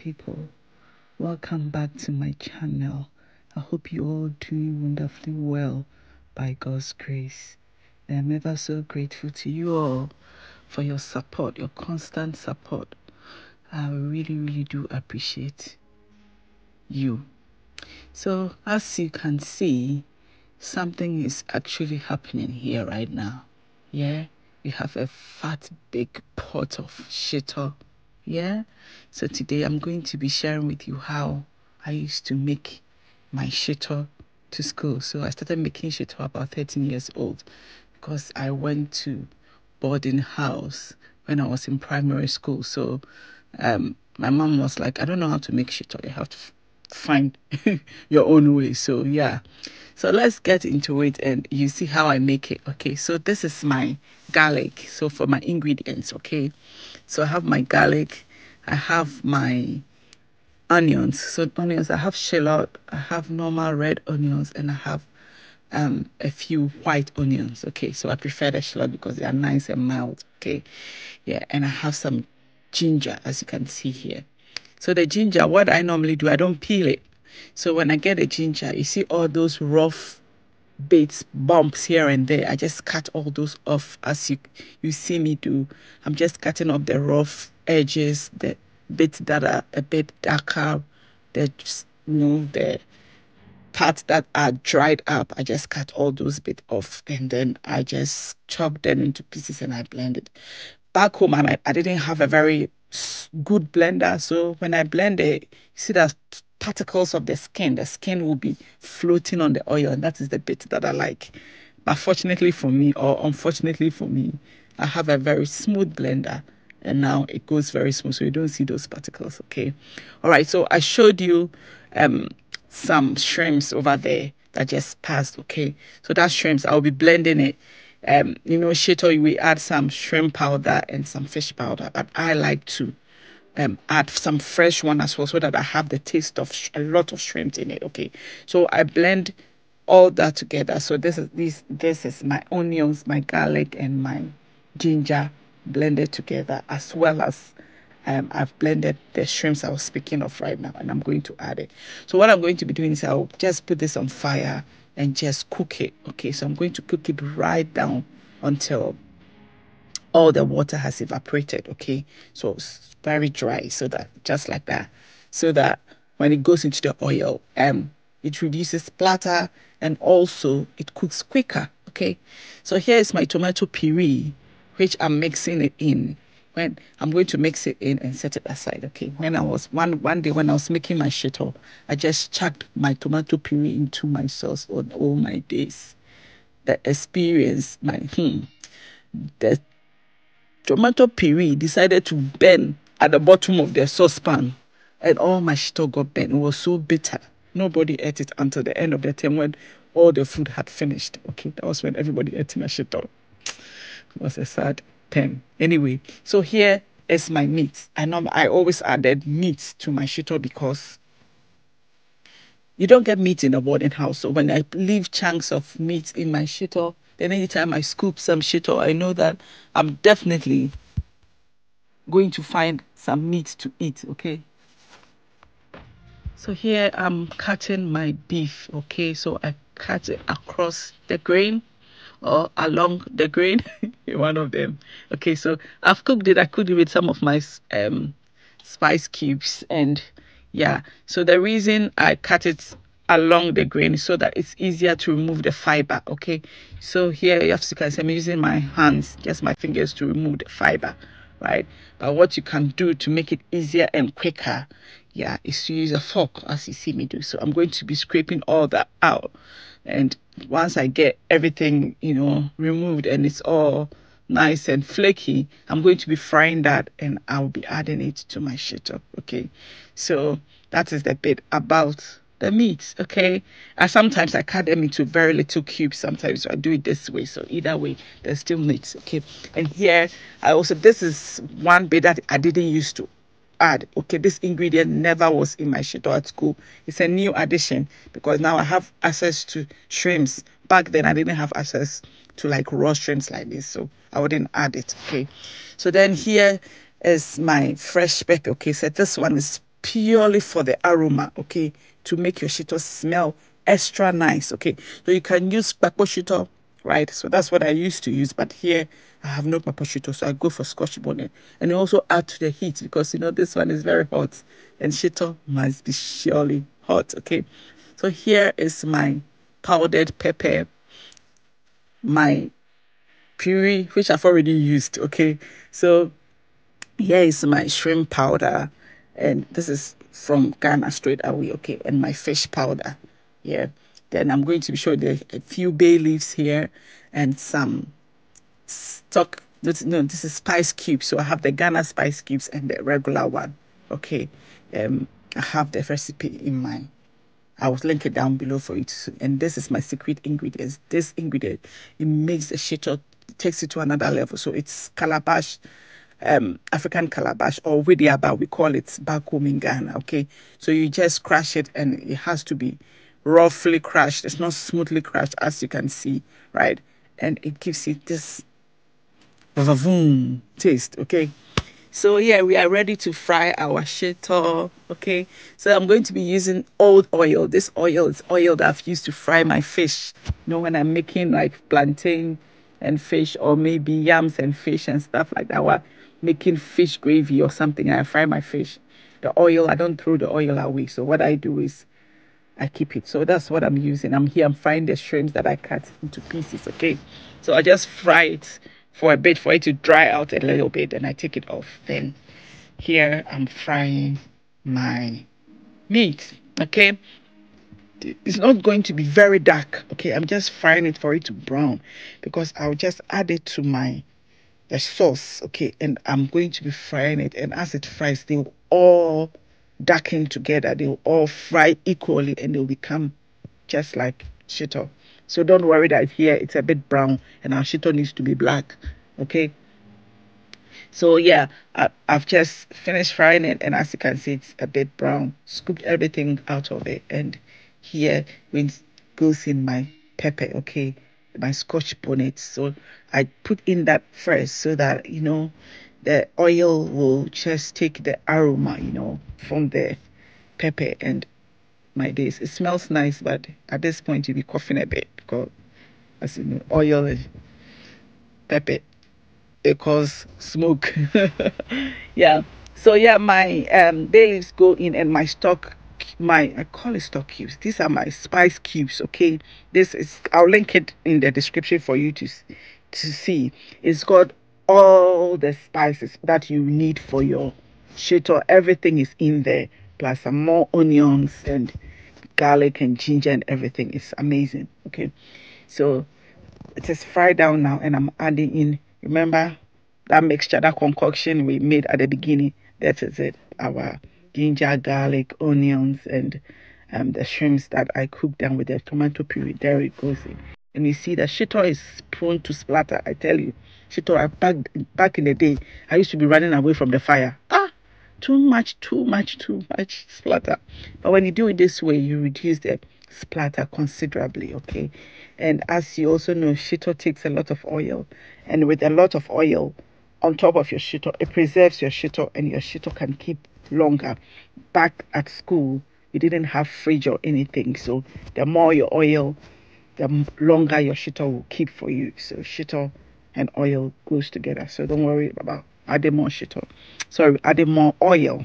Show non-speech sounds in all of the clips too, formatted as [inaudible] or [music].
people welcome back to my channel i hope you all doing wonderfully well by god's grace i'm ever so grateful to you all for your support your constant support i really really do appreciate you so as you can see something is actually happening here right now yeah we have a fat big pot of shit up yeah so today i'm going to be sharing with you how i used to make my shito to school so i started making shito about 13 years old because i went to boarding house when i was in primary school so um, my mom was like i don't know how to make shito you have to find [laughs] your own way so yeah so let's get into it and you see how i make it okay so this is my garlic so for my ingredients okay so I have my garlic, I have my onions. So onions, I have shallot, I have normal red onions, and I have um, a few white onions. Okay, so I prefer the shallot because they are nice and mild. Okay, yeah, and I have some ginger, as you can see here. So the ginger, what I normally do, I don't peel it. So when I get the ginger, you see all those rough bits, bumps here and there. I just cut all those off as you you see me do. I'm just cutting off the rough edges, the bits that are a bit darker, the you know the parts that are dried up. I just cut all those bits off and then I just chop them into pieces and I blend it. Back home, I, I didn't have a very good blender. So when I blend it, you see that particles of the skin, the skin will be floating on the oil. And that is the bit that I like. But fortunately for me, or unfortunately for me, I have a very smooth blender and now it goes very smooth. So you don't see those particles. Okay. All right. So I showed you um, some shrimps over there that just passed. Okay. So that shrimps, I'll be blending it um, you know, shito, we add some shrimp powder and some fish powder. But I like to um, add some fresh one as well so that I have the taste of sh- a lot of shrimp in it. Okay. So I blend all that together. So this is this this is my onions, my garlic, and my ginger blended together, as well as um, I've blended the shrimps I was speaking of right now, and I'm going to add it. So what I'm going to be doing is I'll just put this on fire and just cook it. Okay, so I'm going to cook it right down until all the water has evaporated. Okay, so it's very dry, so that just like that, so that when it goes into the oil, um, it reduces splatter and also it cooks quicker. Okay, so here is my tomato puree, which I'm mixing it in when I'm going to mix it in and set it aside. Okay. When I was one one day when I was making my shit up, I just chucked my tomato puree into my sauce on all my days. The experience, my hmm, the tomato puree decided to burn at the bottom of the saucepan, and all my shit got burnt. It was so bitter. Nobody ate it until the end of the time when all the food had finished. Okay, that was when everybody ate my shit up. It was a sad term. Anyway, so here is my meat. I know I always added meat to my shito because you don't get meat in a boarding house. So when I leave chunks of meat in my shito, then anytime I scoop some shito, I know that I'm definitely going to find some meat to eat, okay? So here I'm cutting my beef, okay? So I cut it across the grain or along the grain. [laughs] one of them. Okay, so I've cooked it. I cooked it with some of my um, spice cubes and yeah. So the reason I cut it along the grain so that it's easier to remove the fiber. Okay, so here you have to can see I'm using my hands, just my fingers to remove the fiber, right? But what you can do to make it easier and quicker, yeah, is to use a fork as you see me do. So I'm going to be scraping all that out and once I get everything, you know, removed and it's all nice and flaky, I'm going to be frying that and I'll be adding it to my shito. Okay. So that is the bit about the meat. Okay. I sometimes I cut them into very little cubes. Sometimes so I do it this way. So either way, there's still meat. Okay. And here I also this is one bit that I didn't use to add, okay, this ingredient never was in my shito at school. It's a new addition because now I have access to shrimps. Back then, I didn't have access to like raw shrimps like this, so I wouldn't add it, okay. So then here is my fresh pepper, okay. So this one is purely for the aroma, okay, to make your shito smell extra nice, okay. So you can use bakpo shito right? So that's what I used to use, but here I have no papachito, so I go for scotch bonnet. Eh? And also add to the heat because you know this one is very hot, and shito must be surely hot, okay? So here is my powdered pepper, my puree, which I've already used, okay? So here is my shrimp powder, and this is from Ghana straight away, okay? And my fish powder, yeah. Then I'm going to show you a few bay leaves here and some stock. No, this is spice cubes. So I have the Ghana spice cubes and the regular one. Okay. Um, I have the recipe in mind. I will link it down below for you. To, and this is my secret ingredients. This ingredient, it makes the shito, takes it to another level. So it's calabash, um, African calabash or widiaba, we call it back home in Ghana. Okay. So you just crush it and it has to be roughly crushed. It's not smoothly crushed, as you can see, right? And it gives it this boom taste, okay? So yeah, we are ready to fry our shito, okay? So I'm going to be using old oil. This oil is oil that I've used to fry my fish. You know, when I'm making like plantain and fish or maybe yams and fish and stuff like that. While making fish gravy or something, I fry my fish. The oil, I don't throw the oil away. So what I do is I keep it. So that's what I'm using. I'm here, I'm frying the shrimps that I cut into pieces, okay? So I just fry it for a bit for it to dry out a little bit and I take it off. Then here I'm frying my meat, okay? It's not going to be very dark, okay? I'm just frying it for it to brown because I'll just add it to my the sauce, okay? And I'm going to be frying it and as it fries, they will all darkened together. They'll all fry equally and they'll become just like shito. So don't worry that here it's a bit brown and our shito needs to be black. Okay. So yeah, I, have just finished frying it and as you can see, it's a bit brown. Scooped everything out of it and here it goes in my pepper, okay, my scotch bonnet. So I put in that first so that, you know, the oil will just take the aroma, you know, from the pepper and my days. It smells nice, but at this point you'll be coughing a bit because as you know, oil and pepper it causes smoke. [laughs] yeah. So yeah, my um bay leaves go in and my stock my I call it stock cubes. These are my spice cubes, okay? This is I'll link it in the description for you to to see. It's called all the spices that you need for your shito. Everything is in there, plus some more onions and garlic and ginger and everything. It's amazing. Okay, so it is fried down now, and I'm adding in. Remember that mixture, that concoction we made at the beginning. That is it. Our ginger, garlic, onions, and um, the shrimps that I cooked down with the tomato puree. There it goes in. And you see that shito is prone to splatter. I tell you. She told her back back in the day, I used to be running away from the fire. Ah, too much, too much, too much splatter. But when you do it this way, you reduce the splatter considerably, okay? And as you also know, shito takes a lot of oil. And with a lot of oil on top of your shito, it preserves your shito and your shito can keep longer. Back at school, you didn't have fridge or anything. So the more your oil, the longer your shito will keep for you. So shito and oil goes together. So don't worry about adding more shit up. Sorry, adding more oil.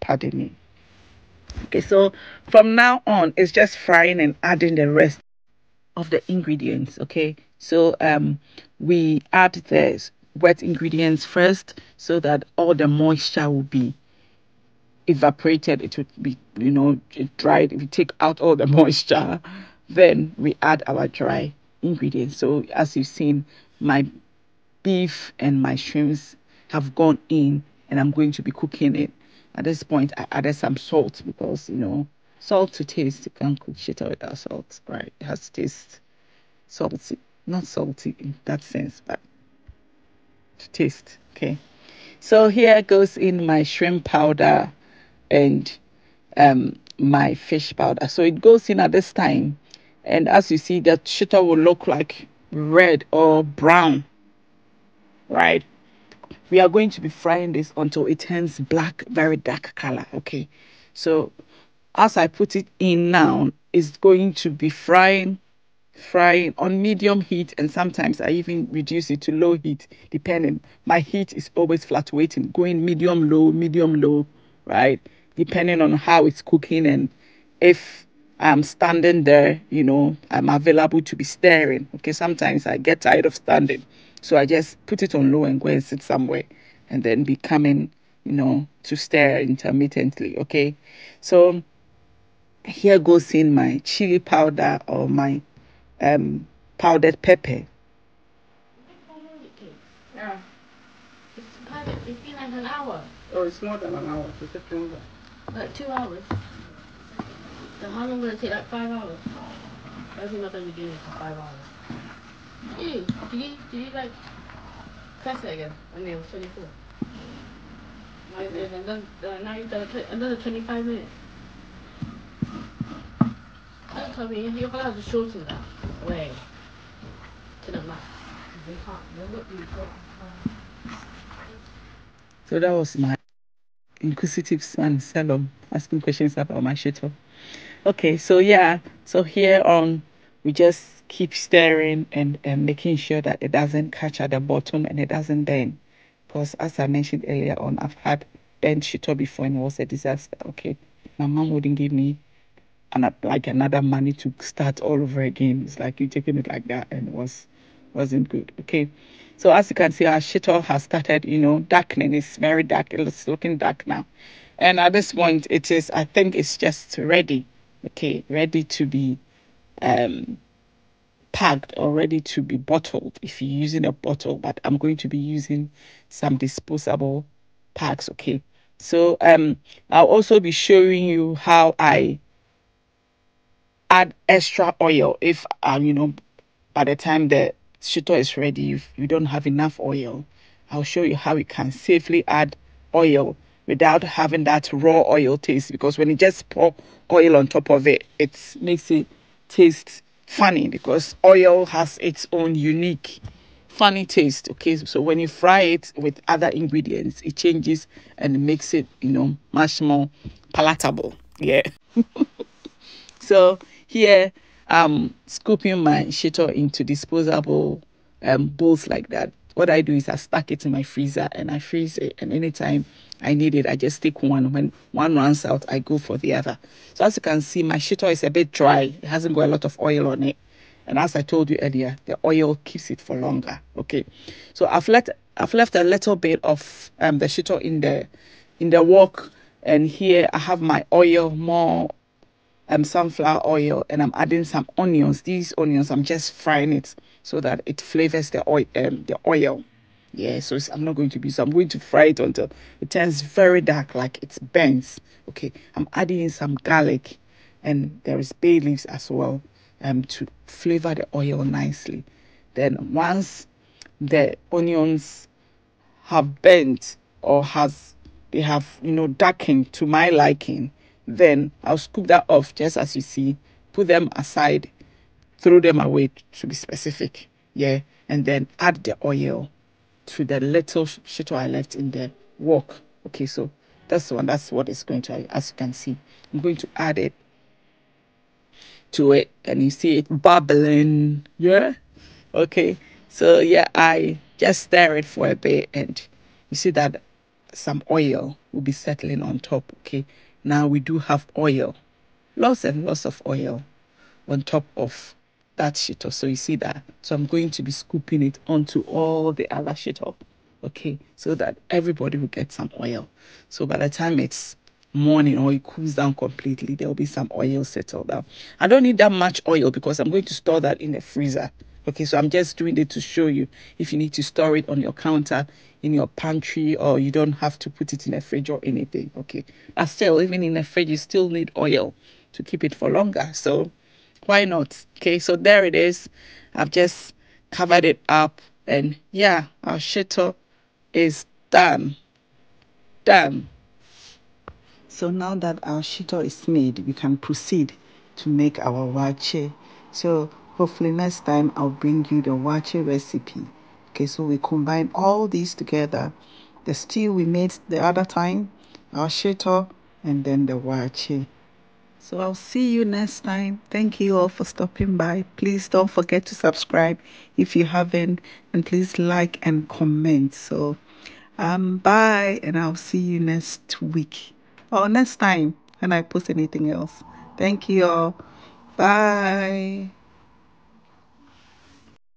Pardon me. Okay, so from now on, it's just frying and adding the rest of the ingredients. Okay, so um, we add the wet ingredients first so that all the moisture will be evaporated. It would be, you know, dried. If you take out all the [laughs] moisture, then we add our dry ingredients. So as you've seen, my beef and my shrimps have gone in and I'm going to be cooking it. At this point, I added some salt because, you know, salt to taste. You can't cook shit without salt, right? It has to taste salty. Not salty in that sense, but to taste. Okay. So here goes in my shrimp powder and um, my fish powder. So it goes in at this time. And as you see, that shitter will look like red or brown right we are going to be frying this until it turns black very dark color okay so as i put it in now it's going to be frying frying on medium heat and sometimes i even reduce it to low heat depending my heat is always fluctuating going medium low medium low right depending on how it's cooking and if I'm standing there, you know, I'm available to be staring. Okay, sometimes I get tired of standing. So I just put it on low and go and sit somewhere and then be coming, you know, to stare intermittently. Okay, so here goes in my chili powder or my um, powdered pepper. Yeah. It's, it's been like an hour. Oh, it's more than an hour. It's a hours. Like two hours. So how long will it take? Like five hours? I think I'm going to be doing this for five hours. Did you, did you, did you like press it again when it was 24? Like, and another uh, now you've done another 25 minutes. Don't tell me, you're allowed to shorten that way to the max. They can't, they'll look you so that was my inquisitive son, Salom, asking questions about my shuttle. Okay, so yeah, so here on we just keep stirring and, and making sure that it doesn't catch at the bottom and it doesn't bend. Because as I mentioned earlier on, I've had bent shito before and it was a disaster. Okay, my mom wouldn't give me an, like another money to start all over again. It's like you are taking it like that and it was wasn't good. Okay, so as you can see, our shito has started, you know, darkening. It's very dark. It's looking dark now, and at this point, it is. I think it's just ready okay, ready to be um, packed or ready to be bottled if you're using a bottle, but I'm going to be using some disposable packs, okay? So um, I'll also be showing you how I add extra oil if, uh, you know, by the time the shooter is ready, if you don't have enough oil. I'll show you how you can safely add oil without having that raw oil taste because when you just pour oil on top of it, it makes it taste funny because oil has its own unique funny taste. Okay, so when you fry it with other ingredients, it changes and makes it, you know, much more palatable. Yeah. [laughs] so here I'm scooping my shito into disposable um, bowls like that. What I do is I stack it in my freezer and I freeze it. And anytime I need it, I just take one. When one runs out, I go for the other. So as you can see, my shitter is a bit dry. It hasn't got a lot of oil on it. And as I told you earlier, the oil keeps it for longer. Okay. So I've let I've left a little bit of um, the shitter in the in the wok. And here I have my oil, more um, sunflower oil, and I'm adding some onions. These onions, I'm just frying it so that it flavors the oil. Um, the oil yeah so i'm not going to be so i'm going to fry it until it turns very dark like it's burns okay i'm adding in some garlic and there is bay leaves as well um to flavor the oil nicely then once the onions have burnt or has they have you know darkened to my liking then i'll scoop that off just as you see put them aside throw them away to be specific yeah and then add the oil to the little shit I left in the work. Okay, so that's the one. That's what it's going to, as you can see. I'm going to add it to it and you see it bubbling. Yeah. Okay. So yeah, I just stir it for a bit and you see that some oil will be settling on top. Okay. Now we do have oil. Lots and lots of oil on top of that shit off. So you see that? So I'm going to be scooping it onto all the other shit off. Okay, so that everybody will get some oil. So by the time it's morning or it cools down completely, there will be some oil settled down. I don't need that much oil because I'm going to store that in the freezer. Okay, so I'm just doing it to show you if you need to store it on your counter, in your pantry, or you don't have to put it in a fridge or anything. Okay, but still, even in a fridge, you still need oil to keep it for longer. So why not? Okay, so there it is. I've just covered it up and yeah, our shito is done. Done. So now that our shito is made, we can proceed to make our wache. So hopefully next time I'll bring you the wache recipe. Okay, so we combine all these together. The stew we made the other time, our shito, and then the wache. So I'll see you next time. Thank you all for stopping by. Please don't forget to subscribe if you haven't, and please like and comment. So, um, bye, and I'll see you next week or next time when I post anything else. Thank you all. Bye.